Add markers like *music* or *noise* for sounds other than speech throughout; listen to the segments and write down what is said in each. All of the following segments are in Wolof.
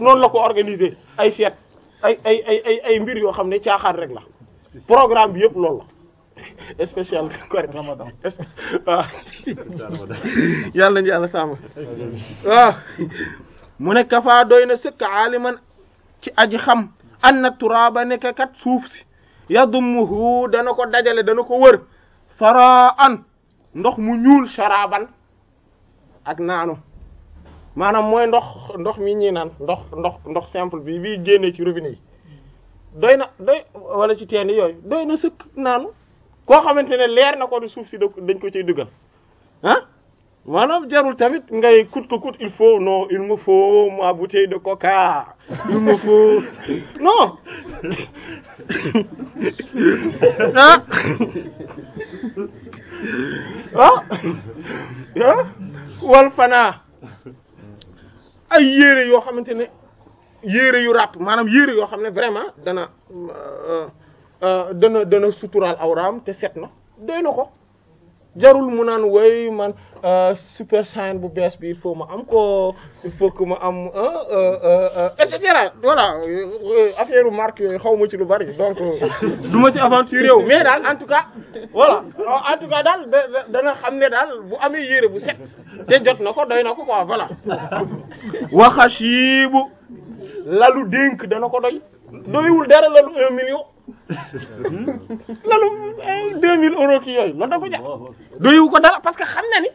noonu la ko organiser ay fête ay ay mbir yoo xam ne caaxaan rek la programme bi yëpp loolu la *laughs* spécial Korité Ramadan *laughs* waaw *laughs* yàlla na yàlla mu ne kafaa doy na aji xam anna turaaba nekk kat suuf si yadumuhu dana ko dajale dana ko wër saraan ndox mu ñuul sharaaban ak naanu maanaam mooy ndox ndox mi ñuy naan ndox ndox ndox simple bi bi génnee ci robinet yi doy na doy wala ci teen yooyu doy na sëkk naanu koo xamante ne leer na ko du suuf si dañ ko ciy dugal ah maanaam jarul tamit ngay coûte que coûte il faut non il me faut ma bouteille de coca il me faut *laughs* non *laughs* ah ah, ah? wal fanaa ay yére yoo xamante ne yére yu ràpp maanaam yére yoo xam ne vraiment dana euh, euh, dana dana suturaal awraam te set na doy na ko jarul mu naan way man euh, super shine bu bees bi il faut ma am ko il ma am euh, euh, et cetera voilà affaire marque yooyu xaw ma ci lu bari donc du ma ci aventure yow mais daal en tout cas voilà en tout cas daal dana xam ne daal bu amee yére bu set te jot na ko doy na ko quoi voilà waxashiibu lalu dénk dana ko doy doyul dara lalu un million lalu ay 2000 euros ki yooyu loolu ko jàpp doywu ko dara parce que xam na ni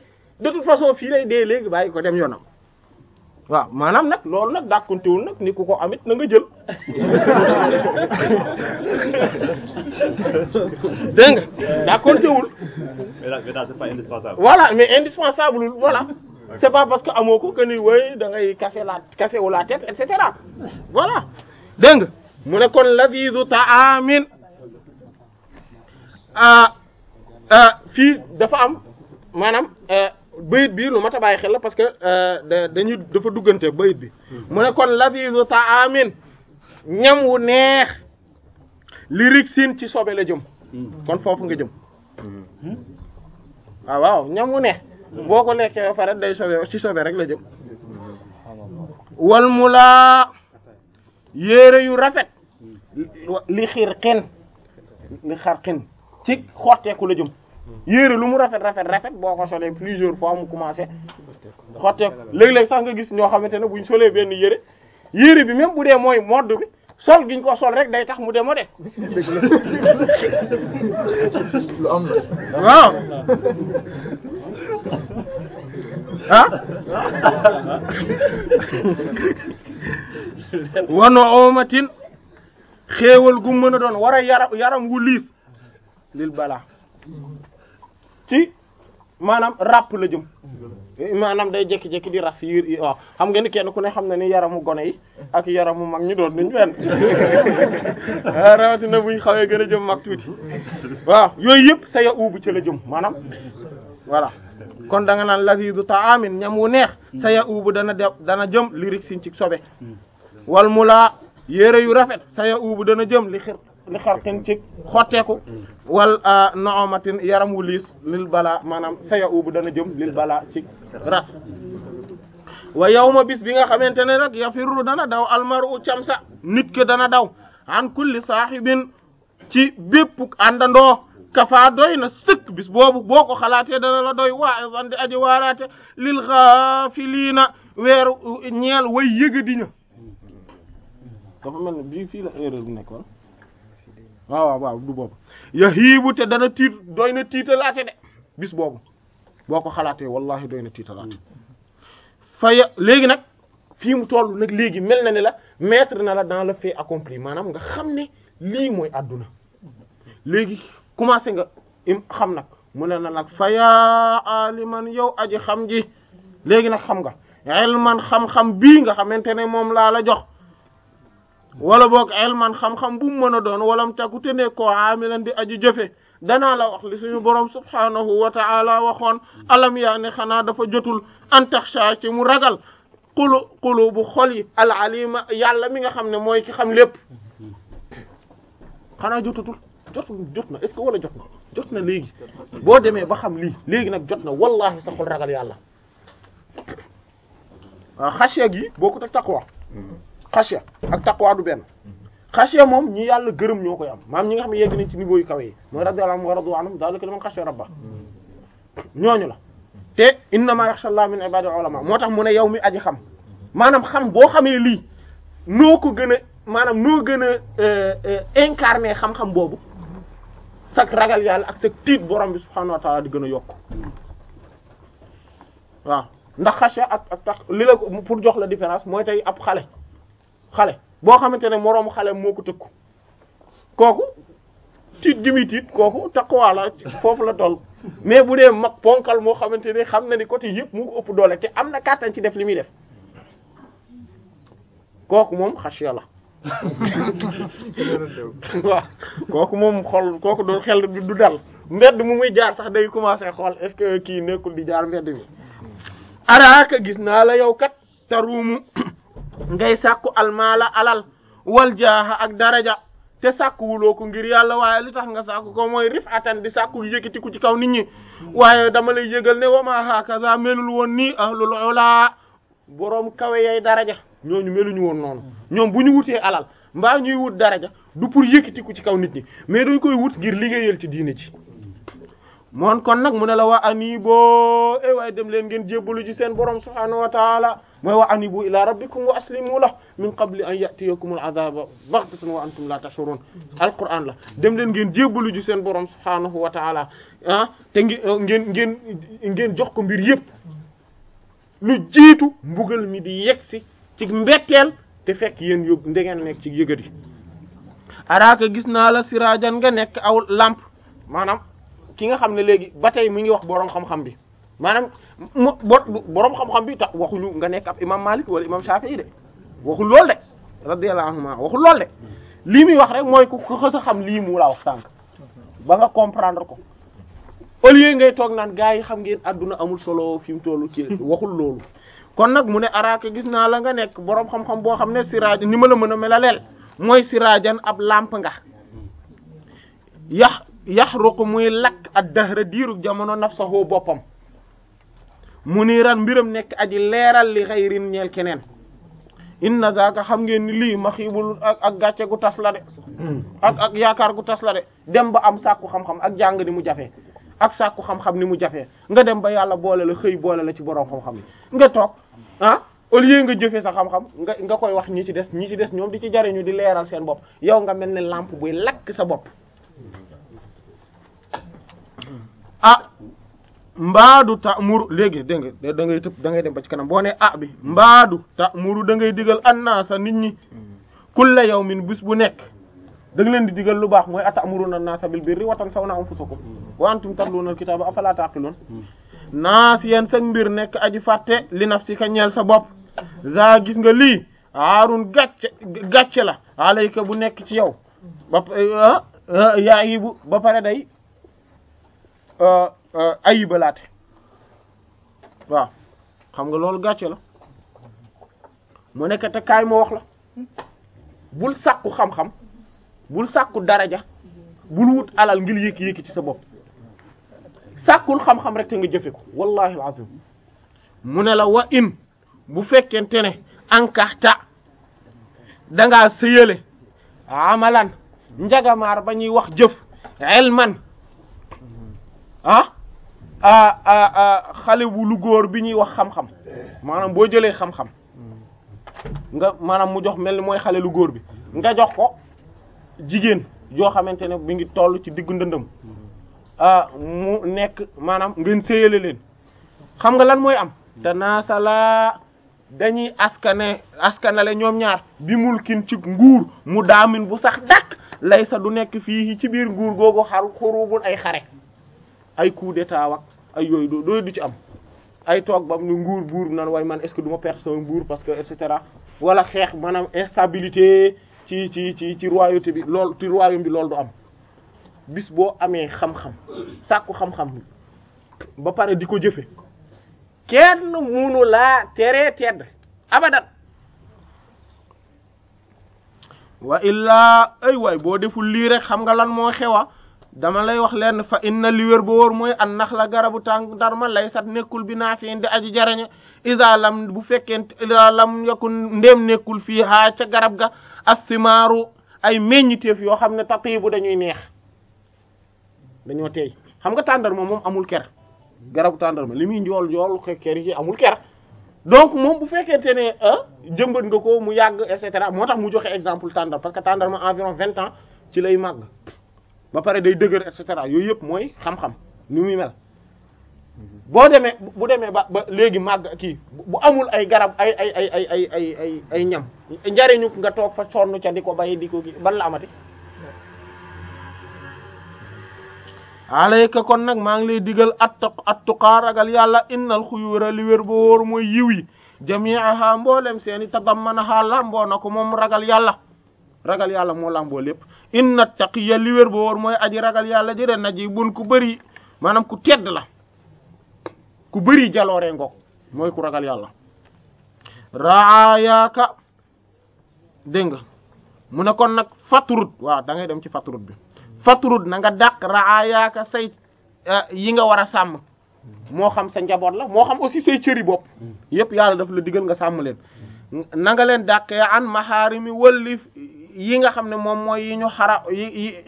de toute façon fii lay dee léegi bàyyi ko dem yoonam waaw maanaam nag loolu nag dàkkuntewul nag ni ku ko amit na nga jël *laughs* dégg nga dàkkuntewul voilà mais indispensable voilà c'est pas parce que amoo ko que ni way da ngay la casser wu la tête et voilà dégg nga mu ne kon lazizu ta'amin ah, ah, fii dafa am maanaam eh, bayit bi lu mat a bàyyi xel la parce que eh, dañuy dafa duggante bayit bi mu ne kon lazizu ta'amin ñam wu neex li riksin ci sobe la jëm kon foofu nga jëm ah, waaw ñam wu neex boo ko lekkee farat day sobe ci sobe rek la jëm wal mulaa yére yu rafet li xiir xen li xar xen ci xotteeku la jëm yére lu mu rafet rafet rafet boo ko solee plusieurs fois mu commencé xotteeku léeg-léeg sax nga gis ñoo xamante ne buñ solee benn yëre yére bi même bu dee mooy modd bi sol giñ ko sol rek day tax mu démodé lu am la waaw ah wano xéewal gu mën a doon war a yaram wu liis lil balaa ci maanaam ràpp la jëm maanaam day jékki-jékki di ras yi waaw xam nga ni kenn ku ne xam na ni yaramu gone yi ak yaramu mag ñi doon duñ benn *laughs* ah, rawatina buñ xawee gën a jëm mag tuuti waaw yooyu yëpp sa ya maanaam voilà kon danga nga naan lazidu ta'amin ñam wu neex sa ya uubu dana dana jëm lirik sin ci sobe wal mu laa yére yu rafet saya uubu dana jëm li xir li xartin ci xotteeku wal ah, noomatin yaram wu liis lil balaa maanaam saya uubu dana jëm lil bala ci ras wa yawma bis bi nga xamante ne nag yafirru dana daw almaru camsa nit ke dana daw an kulli saaxibin ci bépp àndandoo kafa doy na sëkk bis boobu boo ko xalaatee dana la doy waaye di aji waaraate lil xaafiliina weeru ñeel way yëga diña dafa mel ne bii fii la erreur bi nekkoon waaw waaw waaw du boobu yahiibu te dana tiit doy na tiitalaate de bis boobu boo ko xalaatee wallahi doy na tiitalaate faya léegi nag fii mu toll nag léegi mel na ne la mettre na la dans le fait accompli maanaam nga xam ne lii mooy àdduna léegi commencé nga im xam nag mu ne na nag faya aliman yow aji xam ji léegi nag xam nga ilman xam-xam bii nga xamante ne moom laa la jox wala boog elman xam-xam bu mu mën a doon walam takute ne koo aamilan di aju jëfe danaa la wax li suñu borom subhaanahu wa ta'ala waxoon alam yaa xanaa dafa jotul an taxsha ci mu ragal xulu xulu bu xol yi al alima yàlla mi nga xam ne mooy ki xam lépp xanaa jotatul jot jot na que wala jot na jot boo demee ba xam lii léegi nag jot na wallahi sa xol ragal yàlla waaw gi boo ko teg taqwa xasiya ak taqwa du benn xasiya moom ñi yàlla gërëm ñoo koy am maam ñi nga xam ne yegg nañ ci niveau yu kawe yi mooy radiyallahu anhu wa radu anhum daalika liman xasiya rabba ñooñu la te innama yaxsha allah min ibadil ulama moo tax mu ne yow mi aji xam maanaam xam boo xamee lii noo ko gën a maanaam noo gën a euh, euh, incarné xam-xam boobu sag ragal yàlla ak sag tiit borom bi subhanahu wa di gën a yokk waaw ndax xasha ak ak tax li la ko pour jox la différence mooy tey ab xale xale boo xamante ne moroomu xale moo ko tëkku kooku tiit gi muy tiit kooku taqwa la foofu la toll mais bu dee mag ponkal moo xamante ne xam na ni côté yëpp mu ko ëpp doole te am na kàttan ci def li muy def kooku moom xasiya la *laughs* waaw kooku moom xol kooku doon xel du dal mbedd mu muy jaar sax day commencer xool est-ce kii nekkul di jaar mbedd mi araaka gis naa la yow kat taruumu ngay sàkku almaala alal wal jaaha ak daraja te sàkkuwuloo ko ngir yàlla waaye li tax nga sàkku ko mooy rifatan di sàkku yëkkatiku ci kaw nit ñi waaye dama lay yëgal ne wama hakaza melul woon nii ahlul ulaa boroom kawe yay daraja ñooñu meluñu woon noonu ñoom bu ñu wutee alal mbaa ñuy wut daraja du pour yëkkatiku ci kaw nit ñi mais dañ koy wut ngir liggéeyal ci diine ci moon kon nag mu ne la wa anibo e eh waaye dem leen ngeen jébbalu ci seen borom subhaanahu wa taala mooy wa anibo ila rabbikum wa aslimu la min qabli an yatiyakum al azaba baghtatan wa antum la tashurun alquran la dem ngeen jébbalu ci seen borom subhaanahu wa taala ah te eh, ngeen ngeen jox ko mbir yépp lu jiitu mbugal mi di yegsi ci mbetteel te fekk yéen yóbbu ndegen nekk ci yëgat yi araaka gis naa la siraajan nga nekk aw lamp maanaam ki nga xam ne léegi ba tey mi ngi wax borom xam-xam bi maanaam mu boroom xam-xam bi tax waxuñu nga nekk ab imam Malik wala imam Shafi'i de waxul lool de radiyallahu anhuma waxul lool de lii muy wax rek mooy ku xës a xam lii mu la wax sànq ba nga comprendre ko au lieu ngay toog naan gars yi xam ngeen adduna amul solo fi mu tollu ci waxul loolu. kon nag mu ne araaka gis naa la nga nekk borom xam-xam boo xam ne siraaj ni ma la mën a melaleel mooy siraajan ab lamp nga yax yaxruqu muy lakk ak dahra diirug jamono nafsahu boppam mu niiran mbiram nekk aji leeral li xayrin ñeel keneen inna zaaka xam ngeen ni lii ma xiibul ak ak gàcce gu tas la de hmm. ak ak yaakaar gu tas la de dem ba am sàkku xam-xam ak jàng ni mu jafe ak sàkku xam-xam ni mu jafe nga dem ba yàlla boole la xëy boole la ci borom xam-xam ni nga toog ah au lieu nga jëfee sax xam-xam nga nga koy wax ñi ci des ñi ci des ñoom di ci jariñu di leeral seen bopp yow nga mel ne làmp buy lakk sa bopp mbaadu ta'muru léegi dégg nga da ngay ngay dem ba ci kanam boo nee ah bi mbaadu ta'muru da ngay digal annaasa nit ñi kulla yawmin bis bu nekk da leen di digal lu baax mooy ata'muruna annaasa bil birri wa tansawna anfusakum wa antum tatluna al-kitaaba afala taqilun naas yeen sa mbir nekk aji fàtte li nafsika ñeel sa bopp za gis nga lii aarun gàcce gàcce la alayka bu nekk ci yow ba eh, ah, ah, ba pare day Euh, ayibalaate waaw xam nga loolu gàcce la mu nekk te kaay moo wax la bul sàkku xam-xam bul sàkku daraja bul wut alal ngir yékki-yékki ci sa bopp sàkkul xam-xam rek te nga jëfe ko wallahi alazim mu ne la wa in bu fekkente ne ankata danga sëyale amalan njagamaar ba ñuy wax jëf elman ah xale bu lu góor bi ñuy wax xam-xam maanaam boo jëlee xam-xam nga maanaam mu jox mel ni mooy xale lu góor bi nga jox ko jigéen joo xamante ne mi ngi toll ci diggu ndëndëm mu nekk maanaam ngeen séyale leen xam nga lan mooy am te naasala dañuy askane askanale ñoom ñaar bi mulkin ci nguur mu daamin bu sax dàq lay sa du nekk fii ci biir nguur googu xaru xurubul ay xare ay coup d'état wak ay yooyu doo du ci am ay toog bam ni nguur buur nan waaye man est-ce que du ma perte sama parce que et cetera wala xeex maanaam instabilité ci ci ci ci royauté bi lool ci royaume bi loolu du am bis boo amee xam-xam sàkku xam-xam ba pare di ko jëfe kenn munu laa teree tedd abadan wa illaa ay waay boo deful lii rek xam nga lan moo xewa ah. dama lay wax lenn fa inna li wér ba wóor mooy an nax la garabu tàng darma lay sat nekkul bi naafin di aji jaraña isa lam bu fekkente isa lam yakun nekkul fii haa ca garab ga assimaaru ay meññiteef yoo xam ne tatiibu dañuy neex dañoo tey xam nga tàndarma moom amul ker garabu tàndarma li muy njool njool ker yi amul ker donc moom bu fekkente ne ah, jëmbat nga ko mu yàgg et cetera moo tax mu joxe exemple tàndar parce que tàndarma environ vingt ans ci lay màgg ba pare day dëgër et cetera yooyu yëpp mooy xam-xam ni muy mel boo demee bu demee ba léegi màgg kii bu amul ay garab ay ay ay ay ay ay ay ay ñam njariñu nga toog fa sonn ca di bay di ko gi ban la amati alayka kon nag maa ngi lay digal atta attuqaa ragal yàlla innal xuyuura li wér ba wóor mooy yiw yi jami'aha mboolem seeni tadammanaha làmboo na ko moom ragal yàlla ragal yàlla moo làmboo lépp inna taqiya li wér boo war mooy aji ragal yàlla ji de naji bun ku bari maanaam ku tedd la ku bëri jaloore ngoog mooy ku ragal yàlla raayaaka dégg nga mu ne kon nag faturut waaw dangay dem ci faturut bi faturut na nga dàq raayaaka say eh, yi nga war a sàmm moo xam sa njaboot la moo xam aussi say cëri bopp yépp yàlla daf la digal nga sàmm leen na nga leen dàqee an maxaarimi wëlli yi nga xam ne moom mooy yi ñu xara yi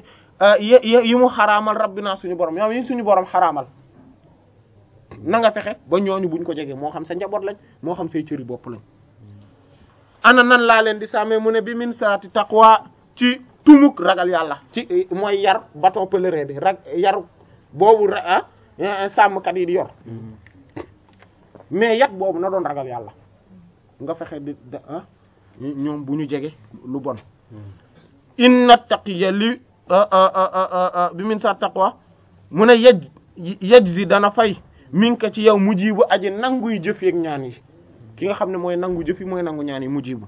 yi euh, mu xaraamal rabbina suñu borom yow yi suñu borom xaraamal na nga fexe ba ñooñu buñ ko jege moo xam sa njaboot lañ moo xam say cëri bopp lañ ana nan laa leen di sàmmee mu ne bi min saati taqwa ci tumuk ragal yàlla ci mooy yar bateau pèlerin bi rag yar boobu ah eh, sàmmkat yi di yor yat boobu na doon ragal yàlla nga fexe di ah, ñoom bu ñu jege lu bon inna taqiya li ah, ah, ah, bi min sa taqwa mu ne yaj yajzi dana fay min ka ci yow mujibu aji nanguy jëf yeeg ñaan yi ki nga xam ne mooy nangu jëfi mooy nangu ñaani yi mujibu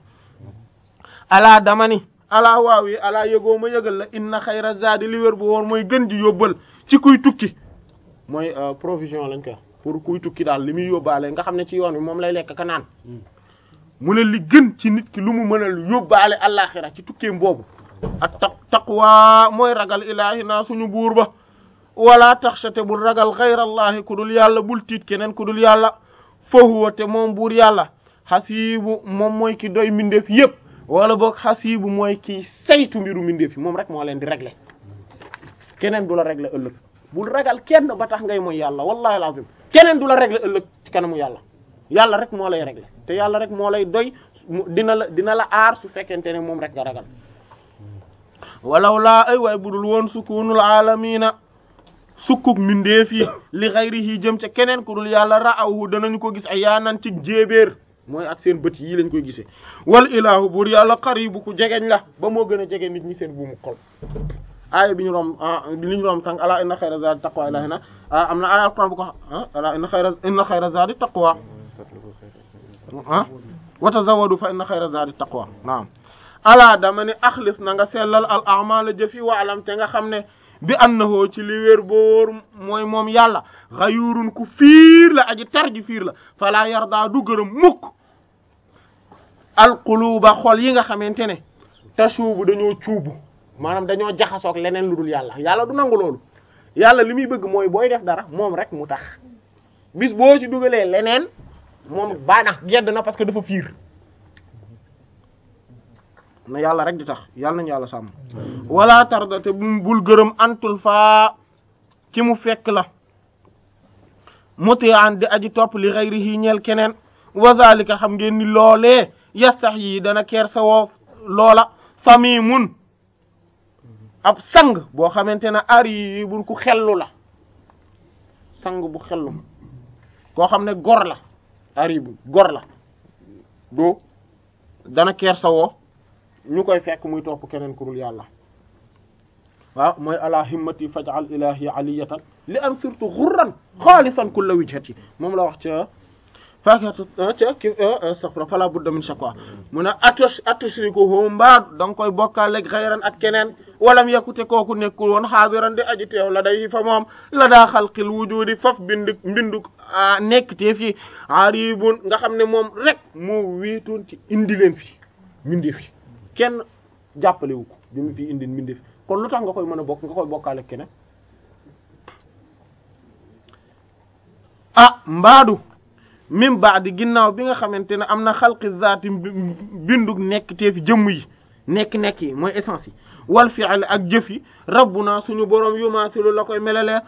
alaa dama ni alaa waaw yi alaa yëgoo ma yëgal la inna xayra zaadi li bu woon mooy gën ji yóbbal ci kuy tukki mooy euh, provision lañ ko pour kuy tukki daal li muy yóbbaale nga xam ne ci yoon bi moom lay lekk ka naan hmm. mu ne li gën ci nit ki lu mu mën a yóbbaale àllaaxira ci tukkeem boobu ak taq taqwa mooy ragal ilaahi naa suñu buur ba wala taxshate bul ragal xayrallaahi ku dul yàlla bul tit keneen ku dul yàlla fahuwa te moom buur yàlla xasiibu moom mooy ki doy mbindeef yépp wala boog xasiibu mooy ki saytu mbiru mbindeef yi moom rek moo leen di régler keneen du la régler ëllëg bul ragal kenn ba tax ngay mooy yàlla wallahi alazim keneen du la régler ëllëg ci kanamu yàlla yàlla rek moo lay régler te yàlla rek moo lay doy dina la dina la aar su fekkente ne moom rek nga ragal walaw laa ay waaye budul woon sukunul alamina sukkuk mindeef yi li xayrihi jëm ca keneen ku dul yàlla ra'awhu danañu ko gis a yaanan ci jéebéer mooy at seen bët yii lañ koy gisee wal ilaahu buur yàlla qaribu ku jegeñ la ba moo gën a jege nit ñi seen buumu xol aaya bi ñu rom a ah, ñu rom sànq alaa inna xayra zaadi taqwa ilaahina ah, am na aaya alquran bu ko ah alaa inna xayra zaadi taqwa wa ah? wata zawadu fa inna xayra zaadi taqwa naam alaa dama ne axlis na nga sellal al a'maala jëf yi wa alam te nga xam ne bi annahoo ci li wér boo wóor mooy moom yàlla xayurun ku fiir la aji tar ji fiir la falaa yardaa du gërëm mukk alquluuba xol yi nga xamante ne tashuubu dañoo cuubu maanaam dañoo jaxasoog leneen lu dul yàlla yàlla du nangu loolu yàlla li muy bëgg mooy booy def dara moom rek mu tax bis boo ci dugalee leneen moom baax na gedd na parce que dafa fiir na yàlla rek di tax yàlla nañu yàlla sàmm wala tarda bul gërëm antul faa ki mu fekk la muti'an di aji topp li ghayrihi ñeel keneen wa zalika xam ngeen ni loolee sax yi dana ker sa woo loola samimun ab sang boo xamante ne ari bul xellu la sang bu xellu koo xam ne gor la haribu gor la du dana kersawoo ñu koy fekk muy topp keneen ku dul yàlla waaw mooy ala himmati faj'al ilahi aliyatan li an sirtu ghurran xaalisan kulla wijhati moom la wax ca faakatu ah, ca ki ah, ah, safra fala a min shakwa mu ne atus atushrikuhu mbaa da nga koy bokkaaleeg xayran ak keneen walam yakute kooku nekkul woon xaadiran di aji teew la day moom la daa xalqil faf bindu mbindu nekk tee fi aribun nga xam ne moom rek moo wéetoon ci indileen leen fi mbindi fi kenn jàppalewu ko bi mu fi indi mbindi fi kon lu tax nga koy mën a bokk nga koy bokkaaleeg keneen ah mbaadu baax di ginnaaw bi nga xamante ne am na xalqi zaati bindu nekk teefi jëmm yi nekk-nekk yi mooy essence yi wal fi'l ak jëf yi rabbuna suñu boroom yumaasilu la koy melalee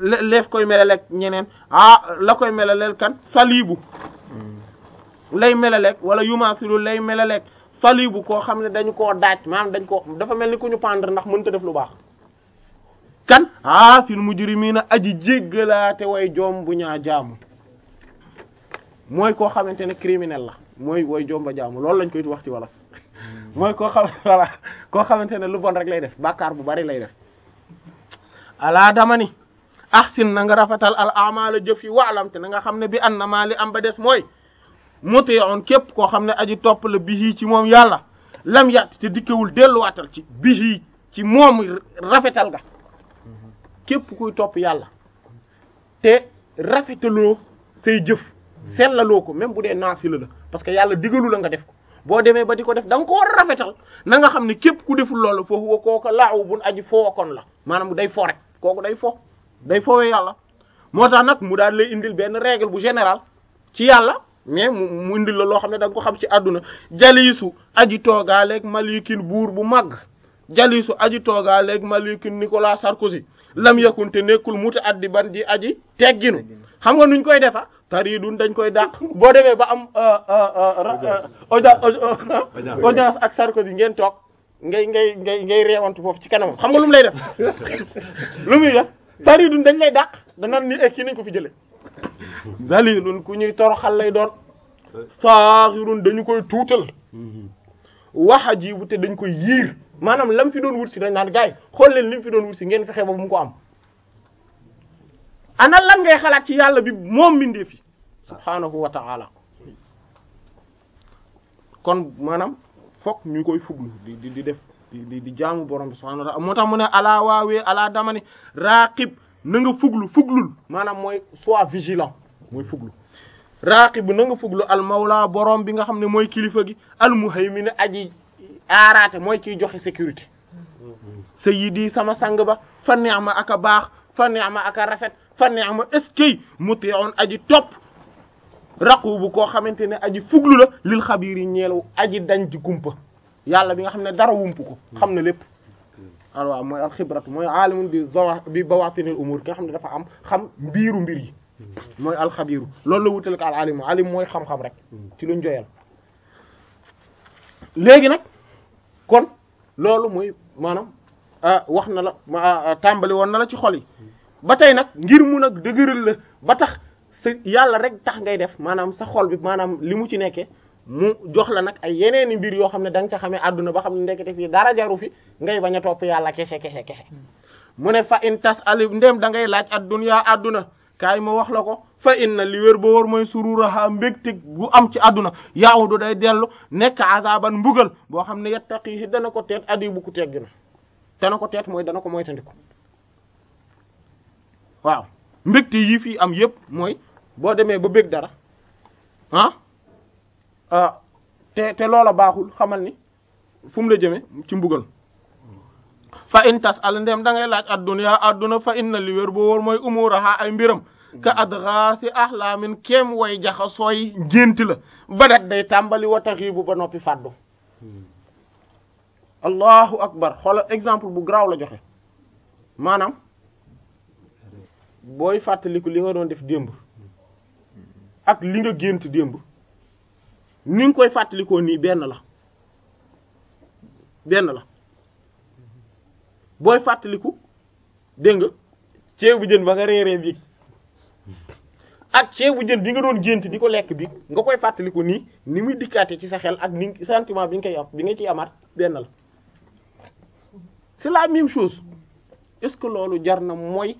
leef koy melaleeg ñeneen ah la koy melaleel kan salibu hmm. lay melaleeg wala yumaasilu lay melaleeg salibu koo xam ne dañu ko daaj maanaam dañ ko dafa mel ni ku ñu pendre ndax mënta def lu baax kan ah fil miina aji jéggalaate way joom bu ñaa jaamu mooy koo xamante ne criminel la mooy woy jomba jaamu loolu lañ koy wax ci wolof mooy ko xam voilà koo xamante ne lu bon rek lay def bàkkaar bu bari lay def alaa dama ni ahsin na nga rafetal al amala jëf yi waalamte na nga xam ne bi an na maa li am ba des mooy muti'un képp koo xam ne aji topp la bihii ci moom yàlla lam yàtt te dikkewul delluwaatal ci bihii ci moom rafetal ga képp kuy topp yàlla te rafetaloo say jëf sellaloo ko même bu dee naafila la parce que yàlla digalu la nga def ko boo demee ba di ko def da ko war a rafetal na xam ne képp ku deful loolu foofu ko kooka laaw bun aji fookoon la maanaam day fo rek kooku day fo day fowee yàlla moo tax nag mu daal lay indil benn règle bu général ci yàlla mais mu indil la loo xam ne da nga ko xam ci àdduna jaliisu aji toogaaleeg malikin buur bu màgg jaliisu aji toogaaleeg malikin Nicolas Sarkozy lam yakun te nekkul muta addi ban ji aji tegginu xam nga nuñ koy defa taridun dañ koy dàq boo demee ba am euh, euh, euh, audience ak Sarkozy ngeen toog ngay ngay ngay ngay reewantu foofu ci kanamam xam nga lum lay def *laughs* lu muy tari taridun dañ lay dàq danan ni ek eh, kii nañ ko fi jële dalilun ku ñuy toroxal lay doon saaxirun dañu koy tuutal mm-hmm. waxa jibu te dañ koy yiir maanaam lam fi doon wut si dañ naan gars yi xool fi doon wut si ngeen fexe ba mu ko am ana lan xalaat ci yàlla bi moom mindee fi subhaanahu wa ta'ala kon maanaam fokk ñu koy fuglu di di def di di jaamu borom bi subhaanahu wa moo tax mu ne alaa waawee alaa damani raqib na nga fuglu fuglul maanaam mooy sois vigilant mooy fuglu raaqibu na nga fuglu al mawla borom bi nga xam ne mooy kilifa gi al muhaymin aji araate mooy kiy joxe sécurité sayyidi sama sang ba fa ni'ma aka baax fa ni'ma aka rafet fa ni'ma eskay muti'un aji topp raqubu koo xamante ne aji fuglu la lil xabiir yi ñeelu aji dañ kumpa yàlla bi nga xam ne dara wump ko xam na lépp alwaa mooy al xibratu mooy aalimun bi bi bawatinil umur ki nga xam ne dafa am xam mbiiru mbir yi mooy alxabiru loolu la wutale ko alimu mooy xam-xam rek ci luñ joyal léegi nag kon loolu muy maanaam ah, wax na la ah, ah, tàmbali woon na la ci xol yi ba tey nag ngir mun a dëgëral la ba tax sa yàlla rek tax ngay def maanaam sax xol bi maanaam li mu ci nekkee mu jox la nag ay yeneeni mbir yoo xam ne da nga ca xamee àdduna ba xam ne ndekete fii dara jaru fi ngay bañ a topp yàlla kese kese kese mu ne fa in tas ndem da ngay laaj ad dunya àdduna kaay ma wax la ko fa inna li wér ba wóor mooy sururaha mbégte gu am ci àdduna yaawdu day dellu nekk azaban mbugal boo xam ne yattaqihi dana ko teet addi bu ko teggi na dana ko teet mooy dana ko moytandiku waaw mbégte yii fii am yépp mooy boo demee ba bég dara ah, ah te loola baaxul xamal ni fu mu la jëme ci mbugal fa in tas al ndem da ngay laaj fa inna li wér boo wóor mooy umuraha ay mbiram ka adxaasi ahlaamin kéem way jaxasooy ngénti la badat day tàmbali wa taxiibu ba noppi fàddu hmm. allahu akbar xoola exemple bu garaaw la joxe maanaam booy fàttaliku li nga doon def démb ak li nga gént démb ni koy fàttalikoo nii benn la benn la booy fàttaliku dégg nga ceebu jën ba nga reeree bi ak ceebu jën bi nga doon gént di ko lekk bi nga koy fàttaliku nii ni muy dikkaate ci sa xel ak ni sentiment bi nga koy am bi nga ciy amaat benn la c'est la même chose est-ce que loolu jar na mooy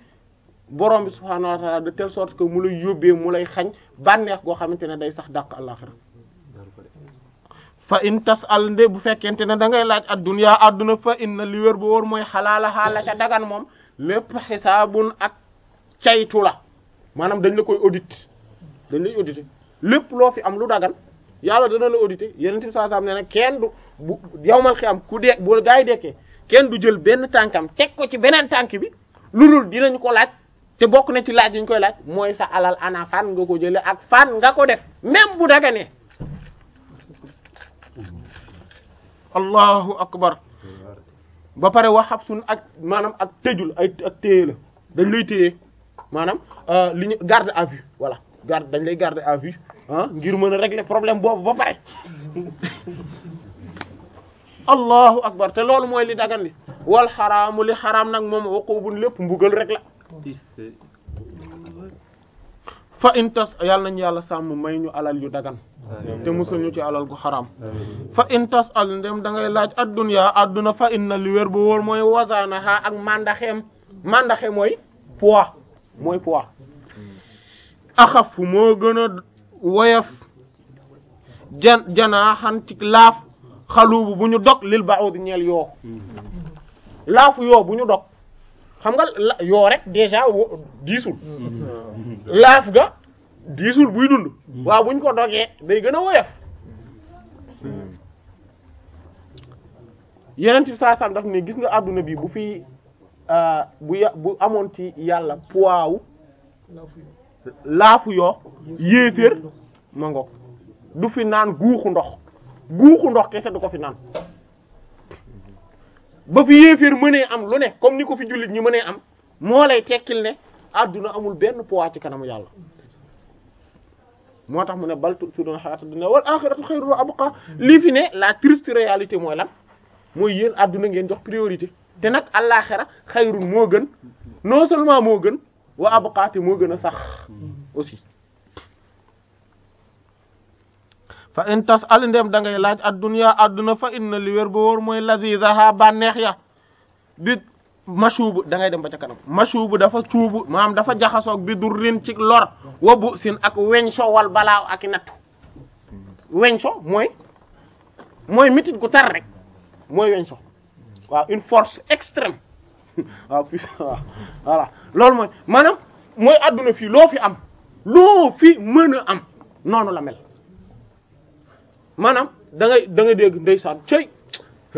borom bi subhaanahu wa ta'ala de telle sorte que mu lay yóbbee mu lay xañ bànneex goo xamante ne day sax dàq àllaxira fa in tas al nde bu fekkente ne da ngay laaj adduna adduna fa in na li wér bu wóor mooy xalaala xaala ca dagan moom lépp xisaabun ak caytu la maanaam dañ la koy audit dañ lay audité lépp loo fi am lu dagan yàlla dana la audité yeneen ci saa saa ne nag kenn du bu yawmal am ku dee bu gaa yi dekkee kenn du jël benn tànkam teg ko ci beneen tànk bi lu dul dinañ ko laaj te bokk na ci laaj yi ñu koy laaj mooy sa alal ana fan nga ko jëlee ak fan nga ko def même bu daganee allahu akbar ba pare wax xabsun ak maanaam ak tëjul ay ak téye la dañ lay téye maanaam euh, li ñu garde à vue voilà garde dañ lay garde à vue ah, ngir mën a régler problème boobu ba pare *laughs* allahu akbar te loolu mooy li dagan li wal xaraamu li xaraam nag moom uqubun lépp mbugal rek la fa in tas yàlla nañu yàlla sàmm may ñu alal yu dagan te musal ñu ci alal gu xaram fa in al ndem da laaj adduna adduna fa inna li wér bu wóor mooy wasaanaha ak mandaxeem mandaxe mooy poids mooy poids axaf moo gën a woyof jan janaaxan ci laaf xaluubu bu ñu dog lil ba'ud ñeel yoo mm-hmm. laafu yoo bu ñu dog xam nga yoo rek déjà diisul mm-hmm. laaf ga diisul buy dund mm. waaw buñ ko dogee day gën a woyof mm. yenent bi saa sam daf ne gis nga àdduna bii bu fi ah, bu bu amoon ci yàlla poiwu laafu yoo yéeféer ma ngo du fi naan guuxu ndox guuxu ndox kese du ko fi naan ba fi yéeféer mënee am lu ne comme ni ko fi jullit ñi mënee am moo lay tekkil ne àdduna amul benn poids ci kanamu yàlla moo tax mu ne bal tu'thiruna hayata dunya wal akhiratu khayrun wa abqa lii fi ne la triste réalité mooy lan mooy yéen adduna ngeen jox priorité te nag àllaaxira xayrun moo gën non seulement moo gën wa abqa moo gën a sax aussi fa in tas al ndem da ngay laaj ad dunya adduna fa inna li wér ba wóor mooy lazizaha bànneex ya mashubu da dem ba ca kanam mashubu dafa cuubu maanaam dafa jaxasoog bi durrin ci lor wobbu sin ak weñso wal balaa ak i nattu weñso mooy mooy mitit gu tar rek mooy weñso waaw une force extrême *laughs* waaw loolu mooy maanaam mooy adduna fii loo fi am loo fii mën a am noonu la mel maanaam da ngay dégg ndeysaan cëy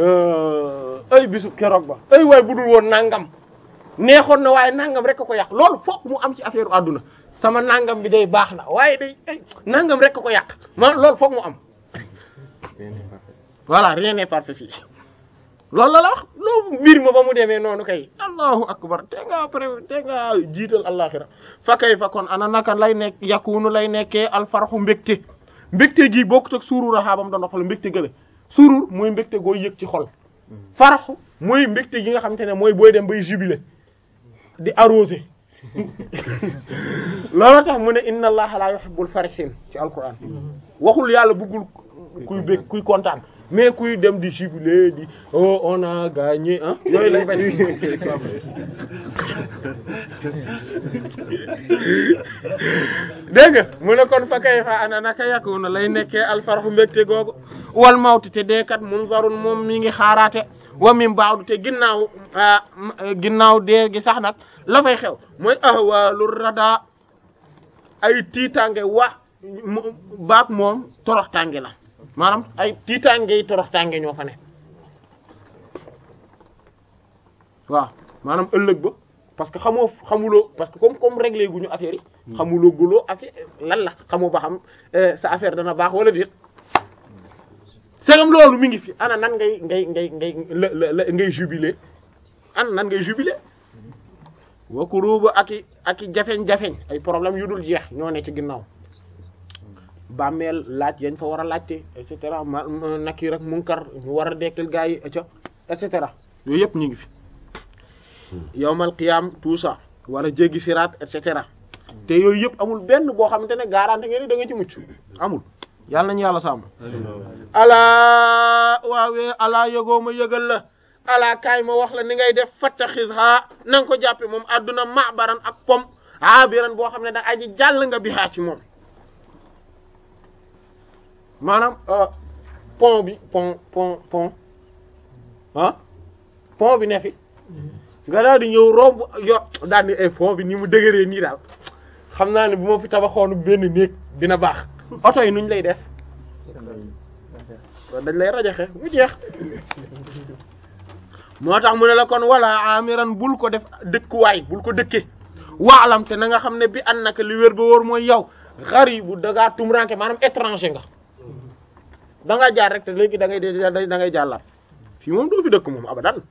ay bisu keroog ba ay waay bu dul woon nangam neexoon na waaye nangam rek ko yàq lool fokk mu am ci affaire àdduna sama nangam bi day baax na waaye day nangam rek ko yàq ma loolu fokk mu am voilà rien n'est parfait fii loolu la la wax ma ba mu demee noonu kay allahu akbar te nga pré te nga jiital alaxira fa kay fa kon ana naka lay nekk yakunu lay nekkee alfarxu mbégte mbégte gi bokkut ak suurur axaabam doon wax la mbégte surur mooy mbégte gooy yëg ci xol mm-hmm. faraxu mooy mbégte gi nga xamante ne mooy booy dem bay jubilé di arrosé mm-hmm. *laughs* loolu tax mu ne inna allaha la yuhibbul farihin ci alquran mm-hmm. waxul yàlla bëggul kuy kontaan mais kuy dem di jubilé di oh on a gagné ah *laughs* yooyu lay bañ dégg mu ne kon fa kayfa ana naka yakuna lay nekkee alfarxu mbégte googu wal mawtu te deekat munzarun moom mi ngi xaaraate wa min ba'du te ginnaaw ah, eh, ginnaaw dee gi sax nag la xew mooy ahwalu rada ay tiitange wa baak moom toroxtange na maanaam ay tiitange yi toroxtange ñoo fa ne maanaam ëllëg ba parce que xamoo xamuloo parce que comme comme réglé guñu affaire yi hmm. xamuloo guloo affaire lan la xamoo ba xam eh, sa affaire dana baax wala déet segam loolu mi ngi fi ana nan ngay ngay ngay ngay la ngay jubiler ana nan ngay jubiler wa kuruba ak i ak jafeñ-jafeñ ay problème yu dul jeex ñoo ne ci ginnaaw bàmmeel laaj yañ fa war a laajte et cetera ma nakir ak munkar ñu war a dekkil gaa yi ca et cetera yooyu yëpp ñu ngi fi yawmal qiyam tout ça war a jéggi siraat et cetera te yooyu yëpp amul benn boo xamante ne garanti ngeen ni ci mucc amul yàlla nañu yàlla sàmm alaa waawee alaa yëgoo ma yëgal la alaa kaay ma wax la ni ngay def fattaxis haa na ko jàppe moom adduna maabaran ak pom aabiran boo xam ne da aji jàll nga bi haa moom maanaam euh, pont bi pont pont pont ah pont bi ne fi nga daal di ñëw romb yor daal di ay eh, pont bi ni mu dëgëree nii daal xam naa ni bu ma fi tabaxoon benn néeg dina baax oto yi nuñ lay def *laughs* dañ lay rajaxe mu jeex moo tax mu ne la kon wala amiran bul ko def dëkkuwaay bul ko dëkke waalam te na nga xam ne bi an naka li wér ba wóor mooy yow bu dangaa tumuranke maanaam étranger nga mm-hmm. da jaar rek te léegi da ngay da ngay jàllaat fii moom doo fi dëkk moom abadan